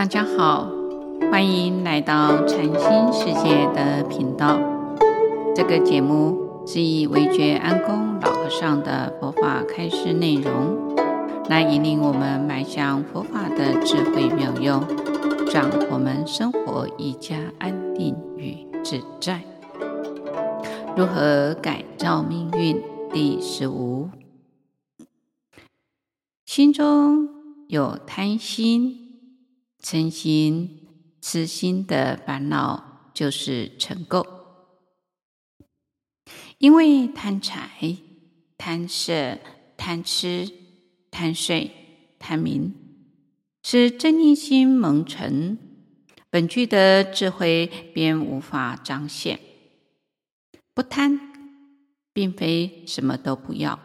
大家好，歡迎來到禪心世界的頻道。這個節目是以惟覺安公老和尚的佛法開示內容，來引領我們邁向佛法的智慧妙用，讓我們生活更加安定與自在。如何改造命運？第十五，心中有貪心。瞋心、癡心的煩惱就是塵垢，因為貪財、貪色、貪吃、貪睡、貪名，使這念心蒙塵，本具的智慧便無法彰顯。不貪，並非什麼都不要，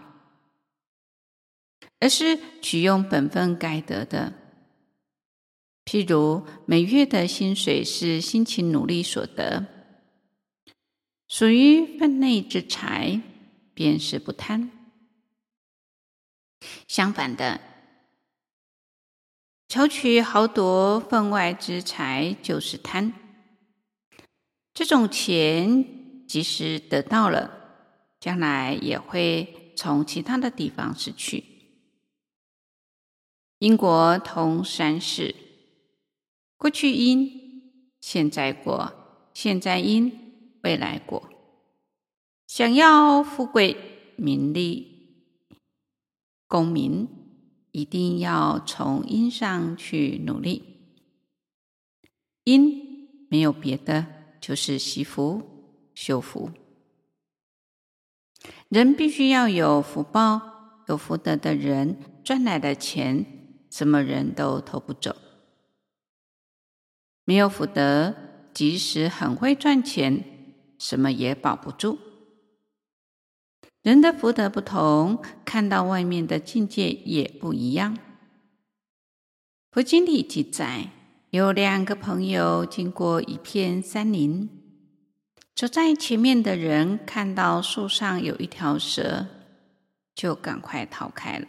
而是取用本分該得的。譬如每月的薪水是辛勤努力所得，屬於分內之財，便是不貪。相反的，巧取豪奪分外之財就是貪。這種錢即使得到了，將來也會從其他的地方失去。因果通三世。過去因，現在果；現在因，未來果。想要富貴、名利、功名，一定要從因上去努力。因沒有別的，就是惜福、修福。人必須要有福報、有福德的人，賺來的錢，什麼人都偷不走。沒有福德，即使很會賺錢，什麼也保不住。人的福德不同，看到外面的境界也不一樣。佛經裡記載，有兩個朋友經過一片山林，走在前面的人看到樹上有一條蛇，就趕快逃開了。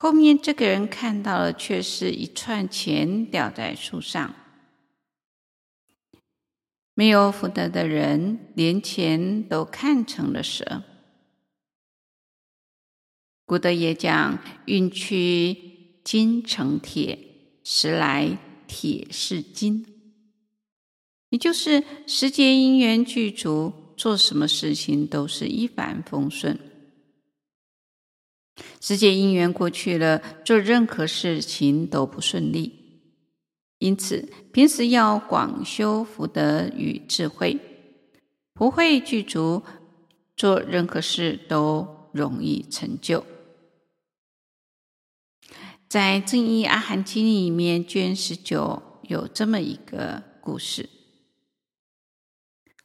後面這個人看到了，卻是一串錢吊在樹上。沒有福德的人，連錢都看成了蛇。古德也講：“運去金成鐵，時來鐵似金。”也就是時節因緣具足，做什麼事情都是一帆風順。時節因緣過去了，做任何事情都不順利。因此，平時要廣修福德與智慧，福慧具足，做任何事都容易成就。在《正一阿含經》裡面，卷十九有這麼一個故事：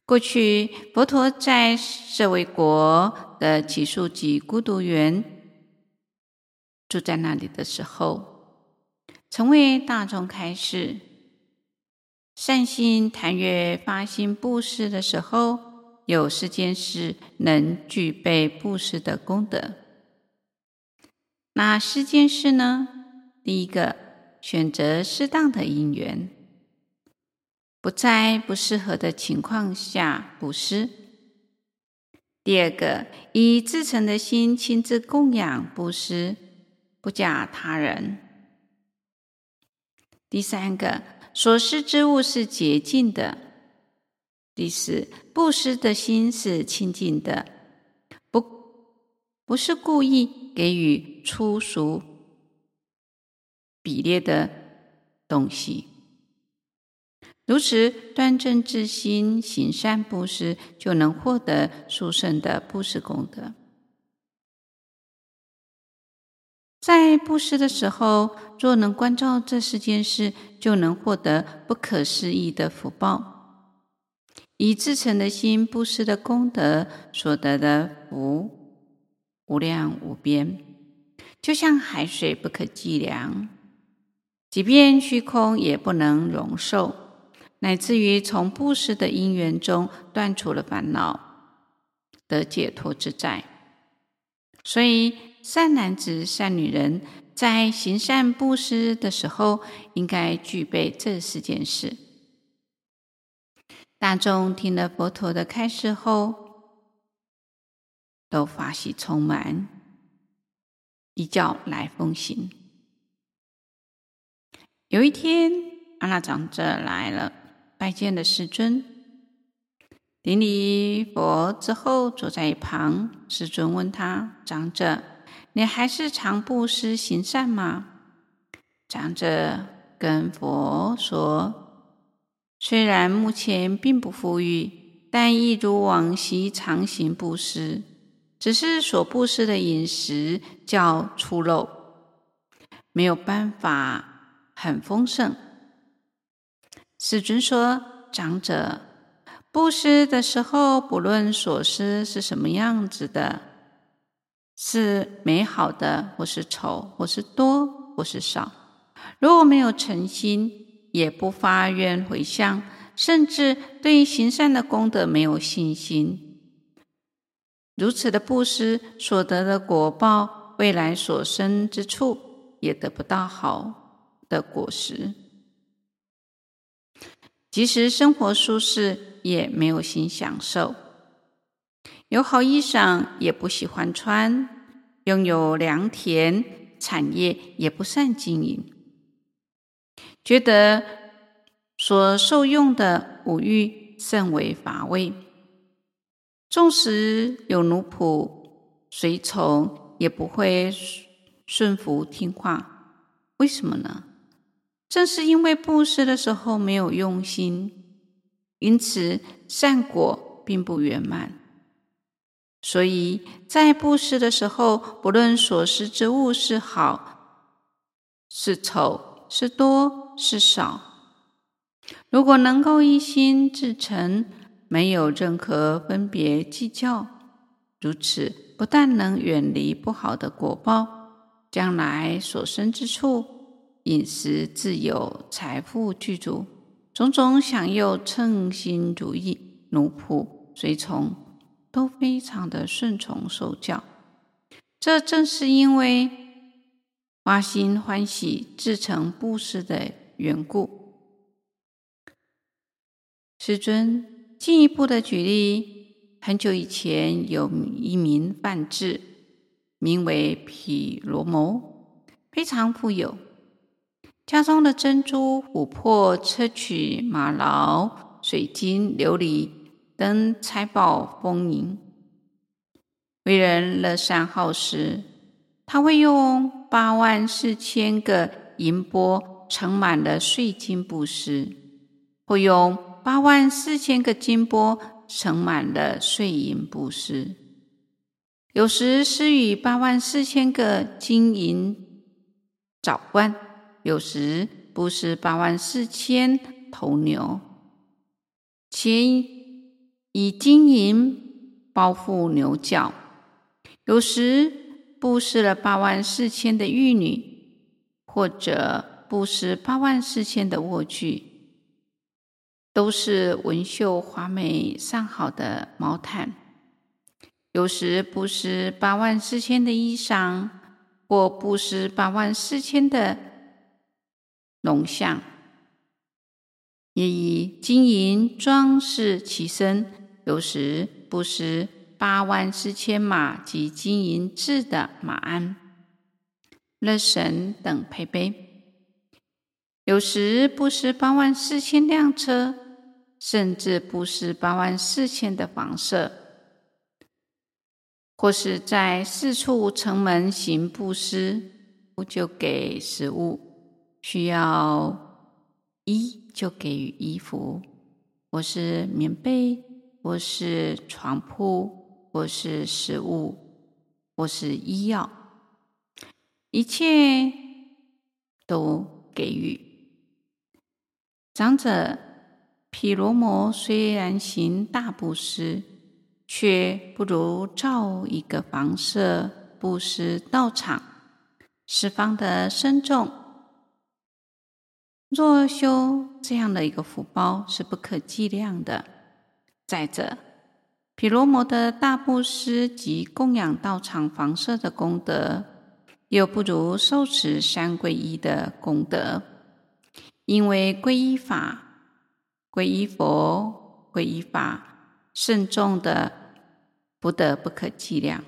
過去佛陀在舍衛國的祇樹給孤獨園。住在那裡的時候，曾為大眾開示，善信檀越發心布施的時候，有四件事能具備布施的功德。哪四件事呢？第一個，選擇適當的因緣，不在不適合的情況下布施。第二個，以至誠的心親自供養布施。不假他人。第三個，所施之物是潔淨的。第四，布施的心是清淨的，不不是故意給予粗俗、鄙劣的東西。如此端正之心行善布施，就能獲得殊勝的布施功德。在布施的時候，若能觀照這四件事，就能獲得不可思議的福報。以至誠的心布施的功德，所得的福無，無量無邊，就像海水不可計量，即便虛空也不能容受。乃至於從布施的因緣中斷除了煩惱，得解脫自在。所以，善男子、善女人在行善布施的時候，應該具備這四件事。大眾聽了佛陀的開示後，都法喜充滿，一覺來奉行。有一天，阿那長者來了，拜見了世尊，頂禮，禮佛之後，坐在一旁。世尊問他：“長者。”你還是常布施行善嗎？長者跟佛說：“雖然目前並不富裕，但一如往昔常行布施，只是所布施的飲食較粗陋，沒有辦法很豐盛。”世尊說：“長者，布施的時候，不論所施是什麼樣子的。”是美好的，或是醜，或是多，或是少。如果沒有誠心，也不發願迴向，甚至對於行善的功德沒有信心，如此的布施所得的果報，未來所生之處也得不到好的果實。即使生活舒適，也沒有心享受。有好衣裳也不喜歡穿，擁有良田產業也不善經營，覺得所受用的五欲甚為乏味。縱使有奴僕隨從，也不會順服聽話。為什麼呢？正是因為布施的時候沒有用心，因此善果並不圓滿。所以在布施的時候，不論所施之物是好、是醜、是多、是少，如果能夠一心至誠，沒有任何分別計較，如此不但能遠離不好的果報，將來所生之處，飲食自有，財富具足，種種享用稱心如意，奴僕隨從，都非常的順從受教，這正是因為發心歡喜至誠布施的緣故。世尊進一步的舉例：很久以前有一名梵志，名為毗羅摩，非常富有，家中的珍珠、琥珀、硨磲、瑪瑙、水晶、琉璃。等財寶豐盈，為人樂善好施，他會用八萬四千個銀缽盛滿了碎金布施，或用八萬四千個金缽盛滿了碎銀布施。有時施與八萬四千個金銀澡罐，有時布施八萬四千頭牛，其一，以金銀包覆牛角，有時布施了八萬四千的玉女，或者布施八萬四千的臥具，都是文繡華美上好的毛毯；有時布施八萬四千的衣裳，或布施八萬四千的龍象，也以金銀裝飾其身。有時布施八萬四千馬及金銀製的馬鞍、勒繩等配備；有時布施八萬四千輛車，甚至布施八萬四千的房舍；或是在四處城門行布施，就給食物；需要衣就給予衣服，或是棉被。或是床鋪，或是食物，或是醫藥，一切都給予。長者毗羅摩雖然行大布施，卻不如造一個房舍布施道場，十方的僧眾。若修這樣的一個福報，是不可計量的。再者，毗羅摩的大布施及供養道場房舍的功德，又不如受持三皈依的功德。因為皈依法、皈依佛、皈依法，聖眾的福德不可計量。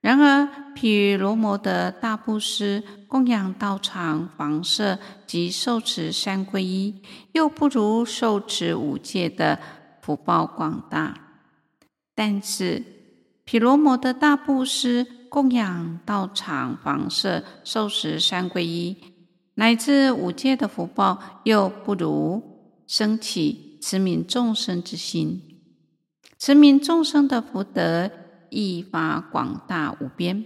然而，毗羅摩的大布施、供養道場房舍及受持三皈依，又不如受持五戒的。福報廣大，但是毗羅摩的大布施、供養道場、房舍、受持、三皈依，乃至五戒的福報，又不如生起慈憫眾生之心，慈憫眾生的福德益發廣大無邊。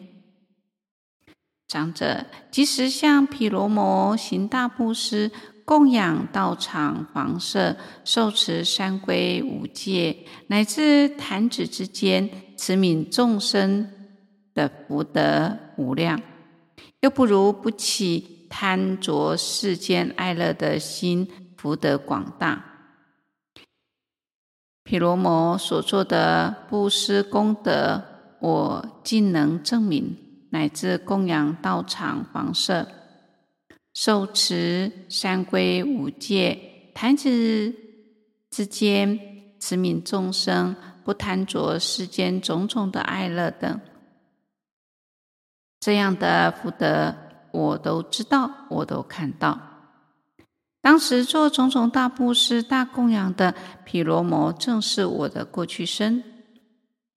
長者，即使像毗羅摩行大布施。供養道場、房舍、受持三皈五戒，乃至彈指之間，慈愍眾生的福德無量，又不如不起貪着世間愛樂的心，福德廣大。毗羅摩所做的布施功德，我盡能證明，乃至供養道場、房舍。受持三皈五戒，彈指之間慈愍眾生，不貪着世間種種的愛樂等，這樣的福德我都知道，我都看到。當時做種種大布施、大供養的毗羅摩，正是我的過去生。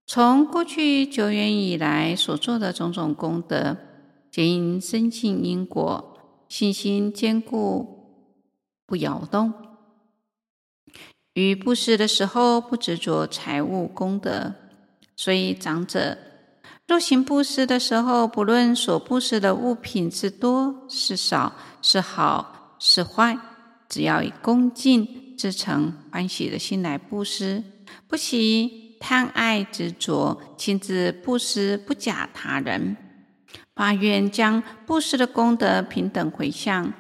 從過去久遠以來所做的種種功德，皆因深信因果。信心堅固，不搖動；於布施的時候，不執着財物功德。所以長者，若行布施的時候，不論所布施的物品是多是少，是好是壞，只要以恭敬至誠歡喜的心來布施，不起貪愛執着，親自布施，不假他人。發願將布施的功德平等迴向，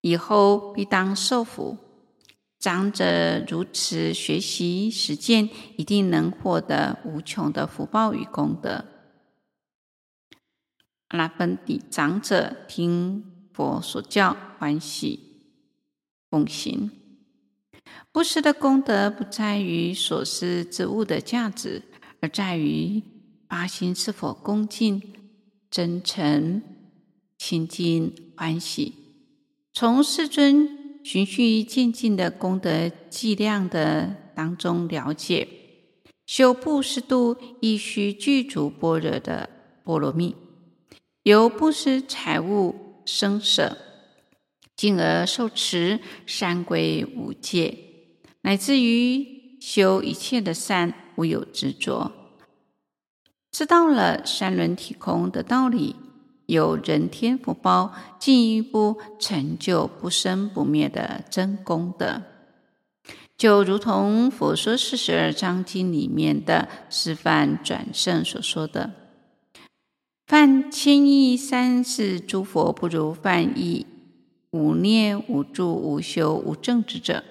以後必當受福。長者如此學習實踐，一定能獲得無窮的福報與功德。阿那邠邸長者聽佛所教，歡喜奉行。布施的功德不在於所施之物的價值，而在於發心是否恭敬。真誠、清淨、歡喜，從世尊循序漸進的功德計量的當中了解，修布施度亦須具足般若的波羅蜜，由布施財物僧舍，進而受持三皈五戒，乃至於修一切的善，無有執着。知道了三輪體空的道理，由人天福報進一步成就不生不滅的真功德，就如同《佛說四十二章經》裡面的施飯轉勝所說的：“飯千億三世諸佛不如飯一，無念無住無修無證之者，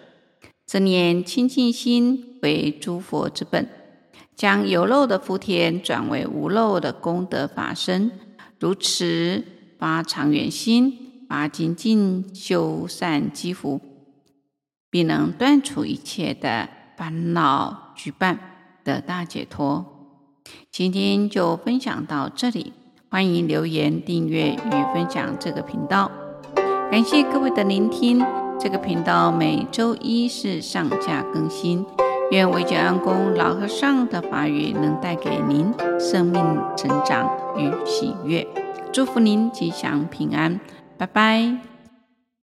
這念清淨心為諸佛之本。”將有漏的福田轉為無漏的功德法身，如此發長遠心，發精進修善積福，必能斷除一切的煩惱羈絆，得大解脫。今天就分享到這裡，歡迎留言、訂閱與分享這個頻道。感謝各位的聆聽，這個頻道每周一次上架更新。惟覺安公老和尚的法語能帶給您生命成長與喜悅，祝福您吉祥平安，拜拜。